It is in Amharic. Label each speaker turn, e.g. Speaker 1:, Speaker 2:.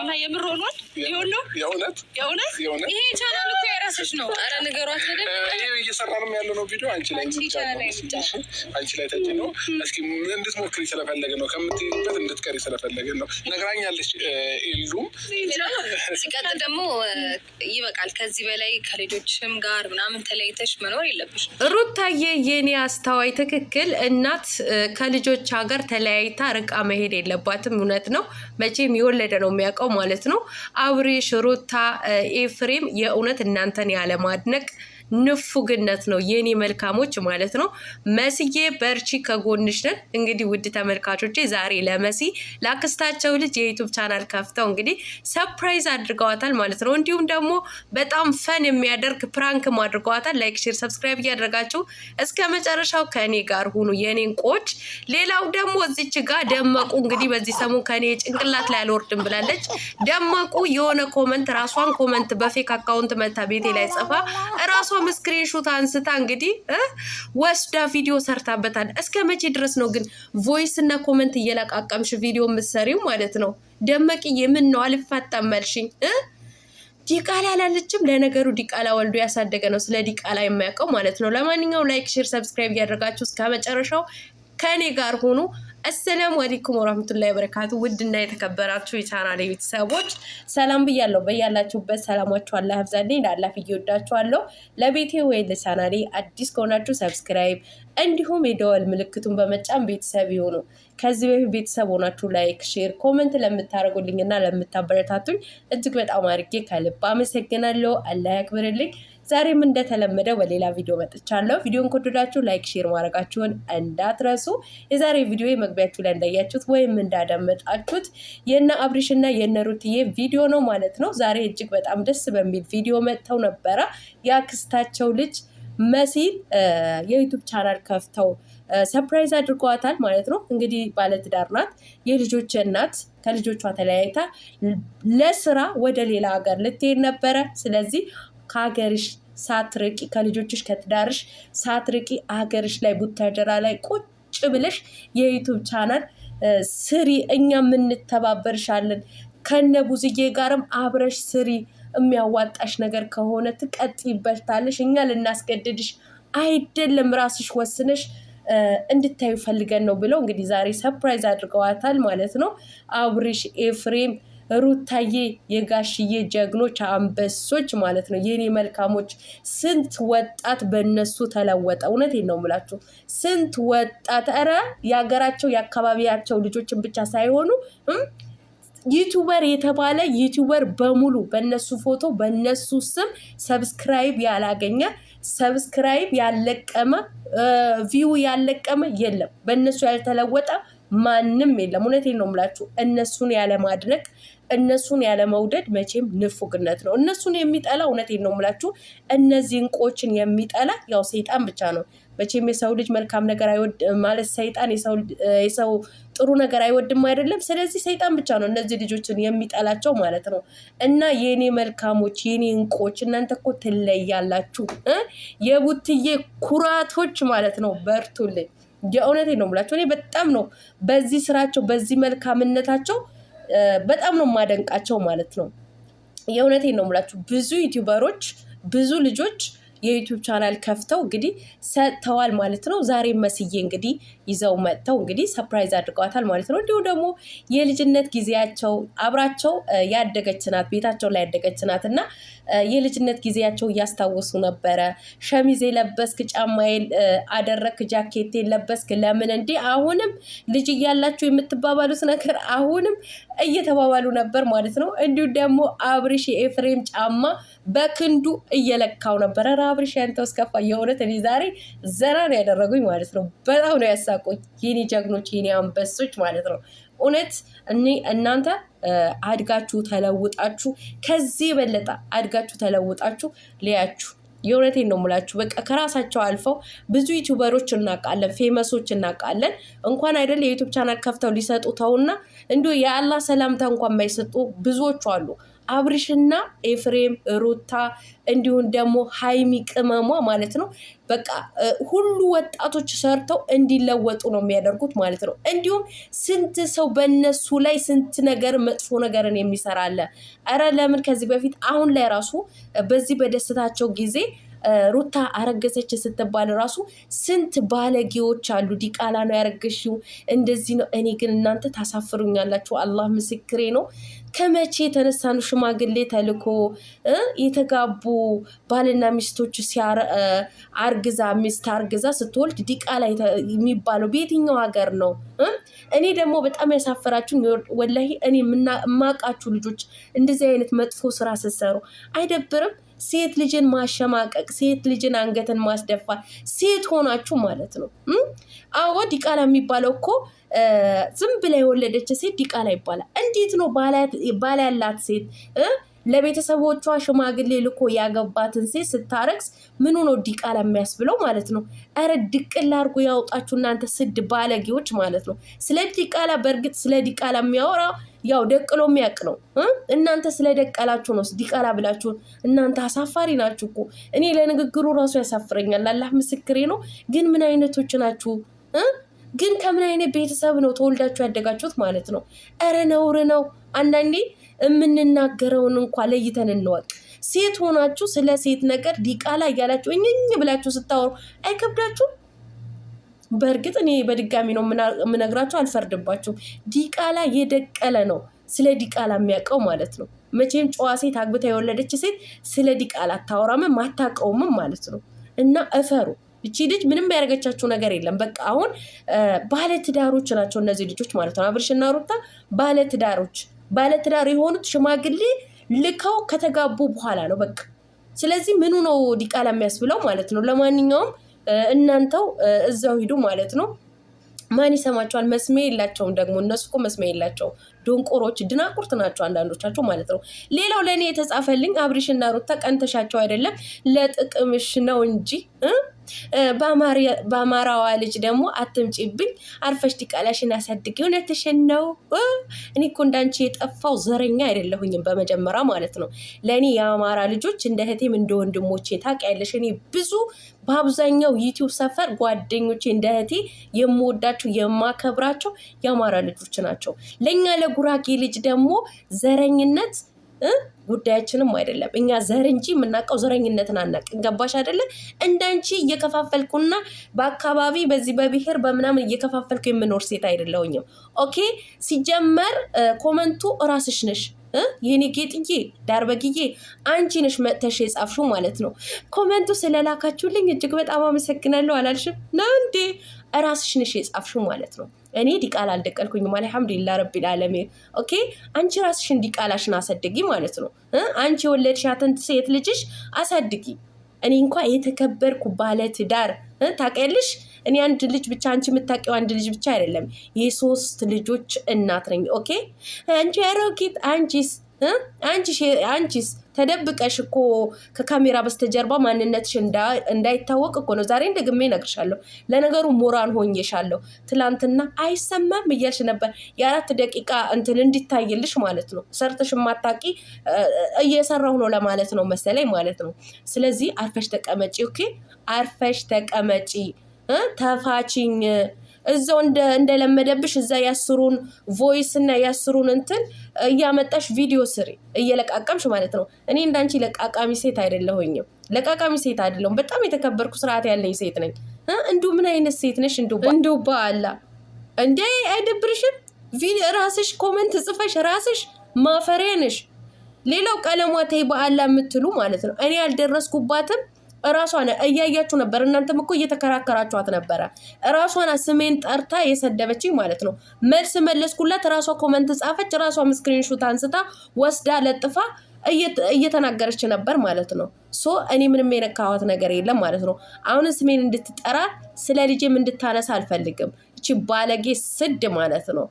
Speaker 1: እና የምር ሆኗል። የእውነት የእውነት የእውነት ይሄ ቻናል እኮ የራስሽ ነው። አረ ንገሯት። እየሰራ ነው ያለ ነው ቪዲዮ አንቺ ላይ አንቺ ላይ ተጭ ነው። እስኪ እንድትሞክሪ ስለፈለገ ነው ከምትሄድበት እንድትቀሪ ስለፈለገ ነው። ነግራኛለች። ሲቀጥል ደግሞ ይበቃል። ከዚህ በላይ ከልጆችም ጋር ምናምን መኖር የለብሽ። ሩታዬ የኔ አስተዋይ ትክክል። እናት ከልጆቿ ጋር ተለያይታ ርቃ መሄድ የለባትም። እውነት ነው። መቼም የወለደ ነው የሚያውቀው ማለት ነው። አብሬሽ ሩታ ኤፍሬም የእውነት እናንተን ያለማድነቅ ንፉግነት ነው የኔ መልካሞች ማለት ነው። መስዬ በርቺ፣ ከጎንሽ ነን። እንግዲህ ውድ ተመልካቾቼ ዛሬ ለመሲ ለአክስታቸው ልጅ የዩቱብ ቻናል ከፍተው እንግዲህ ሰፕራይዝ አድርገዋታል ማለት ነው። እንዲሁም ደግሞ በጣም ፈን የሚያደርግ ፕራንክም አድርገዋታል። ላይክ፣ ሼር፣ ሰብስክራይብ እያደረጋችሁ እስከ መጨረሻው ከእኔ ጋር ሁኑ የኔን ቆች። ሌላው ደግሞ እዚች ጋር ደመቁ እንግዲህ በዚህ ሰሞን ከኔ ጭንቅላት ላይ አልወርድም ብላለች። ደመቁ የሆነ ኮመንት ራሷን ኮመንት በፌክ አካውንት መታ ቤቴ ላይ ጽፋ ራሷ እሷም ስክሪንሾት አንስታ እንግዲህ ወስዳ ቪዲዮ ሰርታበታል። እስከ መቼ ድረስ ነው ግን ቮይስ እና ኮመንት እየለቃቀምሽ ቪዲዮ የምትሰሪው ማለት ነው? ደመቅዬ የምን ነው አልፋታም ዲቃላ አላለችም። ለነገሩ ዲቃላ ወልዶ ያሳደገ ነው፣ ስለ ዲቃላ የማያውቀው ማለት ነው። ለማንኛውም ላይክ፣ ሼር፣ ሰብስክራይብ እያደረጋችሁ እስከ መጨረሻው ከእኔ ጋር ሆኑ። አሰላሙ አለይኩም ወራህመቱላሂ ወበረካቱ። ውድና የተከበራችሁ የቻናሌ ቤተሰቦች ሰላም ብያለሁ። በያላችሁበት ሰላማችሁ አላህ ያብዛልኝ። ላላፍ እየወዳችኋለሁ። ለቤቴ ወይ ለቻናሌ አዲስ ከሆናችሁ ሰብስክራይብ እንዲሁም የደወል ምልክቱን በመጫን ቤተሰብ ይሁኑ። ከዚህ በፊት ቤተሰብ ሆናችሁ ላይክ፣ ሼር፣ ኮመንት ለምታደርጉልኝ እና ለምታበረታቱኝ እጅግ በጣም አድርጌ ከልብ አመሰግናለሁ። አላህ ያክብርልኝ። ዛሬም እንደተለመደው በሌላ ቪዲዮ መጥቻለሁ። ቪዲዮን ከወደዳችሁ ላይክ፣ ሼር ማድረጋችሁን እንዳትረሱ። የዛሬ ቪዲዮ መግቢያችሁ ላይ እንዳያችሁት ወይም እንዳዳመጣችሁት የነ አብሪሽ እና የነ ሩትዬ ቪዲዮ ነው ማለት ነው። ዛሬ እጅግ በጣም ደስ በሚል ቪዲዮ መጥተው ነበረ የአክስታቸው ልጅ መሲል የዩቱብ ቻናል ከፍተው ሰፕራይዝ አድርገዋታል ማለት ነው። እንግዲህ ባለትዳር ናት፣ የልጆች እናት ከልጆቿ ተለያይታ ለስራ ወደ ሌላ ሀገር ልትሄድ ነበረ። ስለዚህ ከሀገርሽ ሳትርቂ ከልጆችሽ ከትዳርሽ ሳትርቂ ሀገርሽ ላይ ቡታጀራ ላይ ቁጭ ብለሽ የዩቱብ ቻናል ስሪ፣ እኛ የምንተባበርሻለን ከነ ቡዝዬ ጋርም አብረሽ ስሪ የሚያዋጣሽ ነገር ከሆነ ትቀጥይበታለሽ። እኛ ልናስገድድሽ አይደለም፣ ራስሽ ወስነሽ እንድታዩ ፈልገን ነው ብለው እንግዲህ ዛሬ ሰርፕራይዝ አድርገዋታል ማለት ነው። አብሪሽ፣ ኤፍሬም፣ ሩታዬ የጋሽዬ ጀግኖች አንበሶች ማለት ነው። የኔ መልካሞች ስንት ወጣት በእነሱ ተለወጠ። እውነቴን ነው የምላችሁ ስንት ወጣት ኧረ የሀገራቸው የአካባቢያቸው ልጆችን ብቻ ሳይሆኑ ዩቲዩበር የተባለ ዩቱበር በሙሉ በነሱ ፎቶ በነሱ ስም ሰብስክራይብ ያላገኘ ሰብስክራይብ ያለቀመ ቪው ያለቀመ የለም። በእነሱ ያልተለወጠ ማንም የለም። እውነቴን ነው የምላችሁ። እነሱን ያለማድነቅ እነሱን ያለመውደድ መቼም ንፉግነት ነው። እነሱን የሚጠላ እውነቴን ነው የምላችሁ፣ እነዚህ እንቆችን የሚጠላ ያው ሰይጣን ብቻ ነው። መቼም የሰው ልጅ መልካም ነገር አይወድ ማለት ሰይጣን የሰው ጥሩ ነገር አይወድም አይደለም። ስለዚህ ሰይጣን ብቻ ነው እነዚህ ልጆችን የሚጠላቸው ማለት ነው። እና የኔ መልካሞች፣ የኔ እንቆች እናንተ እኮ ትለያላችሁ። የቡትዬ ኩራቶች ማለት ነው። በርቱልኝ። የእውነቴ ነው ብላቸው። እኔ በጣም ነው በዚህ ስራቸው በዚህ መልካምነታቸው በጣም ነው የማደንቃቸው ማለት ነው። የእውነቴ ነው የምላችሁ ብዙ ዩቲዩበሮች ብዙ ልጆች የዩቱብ ቻናል ከፍተው እንግዲህ ሰጥተዋል ማለት ነው። ዛሬ መስዬ እንግዲህ ይዘው መጥተው እንግዲህ ሰፕራይዝ አድርገዋታል ማለት ነው። እንዲሁ ደግሞ የልጅነት ጊዜያቸው አብራቸው ያደገች ናት፣ ቤታቸው ላይ ያደገች ናት እና የልጅነት ጊዜያቸው እያስታወሱ ነበረ። ሸሚዜ ለበስክ፣ ጫማዬ አደረክ፣ ጃኬቴ ለበስክ፣ ለምን እንዲ አሁንም ልጅ እያላችሁ የምትባባሉት ነገር አሁንም እየተባባሉ ነበር ማለት ነው። እንዲሁም ደግሞ አብሪሽ የኤፍሬም ጫማ በክንዱ እየለካው ነበረ። ኧረ አብሪሽ ያንተ እስከፋ። የእውነት እኔ ዛሬ ዘና ነው ያደረጉኝ ማለት ነው። በጣም ነው ያሳቆኝ የኔ ጀግኖች፣ የኔ አንበሶች ማለት ነው። እውነት እናንተ አድጋችሁ ተለውጣችሁ ከዚህ የበለጠ አድጋችሁ ተለውጣችሁ ሊያችሁ የእውነቴን ነው ሙላችሁ። በቃ ከራሳቸው አልፈው ብዙ ዩቱበሮች እናውቃለን፣ ፌመሶች እናውቃለን። እንኳን አይደል የዩቱብ ቻናል ከፍተው ሊሰጡ ተውና እንዲሁ የአላህ ሰላምታ እንኳን የማይሰጡ ብዙዎቹ አሉ። አብርሽና ኤፍሬም ሩታ እንዲሁም ደግሞ ሀይሚ ቅመሟ ማለት ነው። በቃ ሁሉ ወጣቶች ሰርተው እንዲለወጡ ነው የሚያደርጉት ማለት ነው። እንዲሁም ስንት ሰው በነሱ ላይ ስንት ነገር መጥፎ ነገርን የሚሰራ አለ። ኧረ ለምን ከዚህ በፊት አሁን ላይ ራሱ በዚህ በደስታቸው ጊዜ ሩታ አረገዘች ስትባል ራሱ ስንት ባለጌዎች አሉ። ዲቃላ ነው ያረገሽው፣ እንደዚህ ነው። እኔ ግን እናንተ ታሳፍሩኛላችሁ። አላህ ምስክሬ ነው። ከመቼ የተነሳ ነው ሽማግሌ ተልኮ የተጋቡ ባልና ሚስቶች አርግዛ ሚስት አርግዛ ስትወልድ ዲቃላ የሚባለው በየትኛው ሀገር ነው? እኔ ደግሞ በጣም ያሳፈራችሁ ወላሂ እኔ የማውቃችሁ ልጆች እንደዚህ አይነት መጥፎ ስራ ስትሰሩ አይደብርም? ሴት ልጅን ማሸማቀቅ፣ ሴት ልጅን አንገትን ማስደፋት፣ ሴት ሆናችሁ ማለት ነው። አዎ ዲቃላ የሚባለው እኮ ዝም ብላ የወለደች ሴት ዲቃላ ይባላል። እንዴት ነው ባል ያላት ሴት ለቤተሰቦቿ ሽማግሌ ልኮ ያገባትን ሴት ስታረግስ ምኑ ነው ዲቃላ የሚያስብለው ማለት ነው። እረ ድቅል አድርጎ ያውጣችሁ እናንተ ስድ ባለጌዎች ማለት ነው። ስለ ዲቃላ በእርግጥ ስለ ዲቃላ የሚያወራ ያው ደቅሎ የሚያውቅ ነው። እናንተ ስለ ደቀላችሁ ነው ዲቃላ ብላችሁ እናንተ አሳፋሪ ናችሁ እኮ። እኔ ለንግግሩ ራሱ ያሳፍረኛል። አላህ ምስክሬ ነው። ግን ምን አይነቶች ናችሁ? ግን ከምን አይነት ቤተሰብ ነው ተወልዳችሁ ያደጋችሁት ማለት ነው? እረ ነውር ነው አንዳንዴ የምንናገረውን እንኳ ለይተን እንወቅ። ሴት ሆናችሁ ስለ ሴት ነገር ዲቃላ እያላችሁ እኝኝ ብላችሁ ስታወሩ አይከብዳችሁም? በእርግጥ እኔ በድጋሚ ነው የምነግራችሁ፣ አልፈርድባችሁም። ዲቃላ የደቀለ ነው ስለ ዲቃላ የሚያውቀው ማለት ነው። መቼም ጨዋ ሴት አግብታ የወለደች ሴት ስለ ዲቃላ አታወራምም አታውቀውምም ማለት ነው። እና እፈሩ። እቺ ልጅ ምንም ያደረገቻችሁ ነገር የለም። በቃ አሁን ባለትዳሮች ናቸው እነዚህ ልጆች ማለት ነው። አብርሽና ሩታ ባለትዳሮች ባለትዳር የሆኑት ሽማግሌ ልከው ከተጋቡ በኋላ ነው በቃ። ስለዚህ ምኑ ነው ዲቃላ የሚያስብለው ማለት ነው። ለማንኛውም እናንተው እዛው ሂዱ ማለት ነው። ማን ይሰማቸዋል? መስሜ የላቸውም። ደግሞ እነሱ እኮ መስሜ የላቸው ድንቁሮች፣ ድናቁርት ናቸው አንዳንዶቻቸው ማለት ነው። ሌላው ለእኔ የተጻፈልኝ አብሪሽና ሩታ ቀንተሻቸው አይደለም ለጥቅምሽ ነው እንጂ በአማራዋ ልጅ ደግሞ አትምጪብኝ፣ አርፈሽ ዲቃላሽን አሳድግ። እውነትሽን ነው። እኔ እኮ እንዳንቺ የጠፋው ዘረኛ አይደለሁኝም። በመጀመሪያ ማለት ነው ለእኔ የአማራ ልጆች እንደ እህቴም እንደ ወንድሞቼ ታውቂያለሽ። እኔ ብዙ በአብዛኛው ዩቲዩብ ሰፈር ጓደኞቼ እንደ እህቴ የምወዳቸው የማከብራቸው የአማራ ልጆች ናቸው። ለእኛ ለጉራጌ ልጅ ደግሞ ዘረኝነት ጉዳያችንም አይደለም። እኛ ዘር እንጂ የምናውቀው ዘረኝነትን አናውቅም። ገባሽ አይደለ? እንዳንቺ እየከፋፈልኩና በአካባቢ በዚህ በብሔር በምናምን እየከፋፈልኩ የምኖር ሴት አይደለውኝም ኦኬ። ሲጀመር ኮመንቱ እራስሽ ነሽ። የኔ ጌጥዬ ዳር በግዬ አንቺ ነሽ መጥተሽ የጻፍሹ ማለት ነው። ኮመንቱ ስለላካችሁልኝ እጅግ በጣም አመሰግናለሁ አላልሽም ነው እንዴ? እራስሽ ነሽ የጻፍሹ ማለት ነው። እኔ ዲቃላ አልደቀልኩኝም። አልሐምዱሊላ ረቢል ዓለሚን። ኦኬ አንቺ ራስሽን ዲቃላሽን አሳድጊ ማለት ነው። አንቺ የወለድሻትን ሴት ልጅሽ አሳድጊ። እኔ እንኳ የተከበርኩ ባለ ትዳር ታውቂያለሽ። እኔ አንድ ልጅ ብቻ አንቺ የምታውቂው አንድ ልጅ ብቻ አይደለም፣ የሶስት ልጆች እናት ነኝ። ኦኬ አንቺ አሮጊት አንቺስ አንቺስ ተደብቀሽ እኮ ከካሜራ በስተጀርባ ማንነትሽ እንዳይታወቅ እኮ ነው። ዛሬ እንደግሜ እነግርሻለሁ። ለነገሩ ሞራን ሆኜሻለሁ። ትላንትና አይሰማም እያልሽ ነበር። የአራት ደቂቃ እንትን እንዲታይልሽ ማለት ነው። ሰርተሽ ማታቂ እየሰራሁ ነው ለማለት ነው መሰለኝ ማለት ነው። ስለዚህ አርፈሽ ተቀመጪ። ኦኬ፣ አርፈሽ ተቀመጪ። ተፋችኝ እዛው እንደለመደብሽ እዛ ያስሩን ቮይስ እና ያስሩን እንትን እያመጣሽ ቪዲዮ ስሪ እየለቃቀምሽ ማለት ነው። እኔ እንዳንቺ ለቃቃሚ ሴት አይደለሁኝም። ለቃቃሚ ሴት አይደለሁም። በጣም የተከበርኩ ስርዓት ያለኝ ሴት ነኝ። እንዱ ምን አይነት ሴት ነሽ? እንዱ በአላ እንዴ አይደብርሽም? ራስሽ ኮመንት ጽፈሽ ራስሽ ማፈሬ ነሽ። ሌላው ቀለሟ ተይ በአላ የምትሉ ማለት ነው። እኔ አልደረስኩባትም እራሷ እያያችሁ ነበር። እናንተም እኮ እየተከራከራችኋት ነበረ። እራሷን ስሜን ጠርታ የሰደበችኝ ማለት ነው። መልስ መለስኩላት። እራሷ ኮመንት ጻፈች። እራሷ ስክሪንሹት አንስታ ወስዳ ለጥፋ እየተናገረች ነበር ማለት ነው። ሶ እኔ ምንም የነካኋት ነገር የለም ማለት ነው። አሁን ስሜን እንድትጠራ ስለ ልጅም እንድታነሳ አልፈልግም። እቺ ባለጌ ስድ ማለት ነው።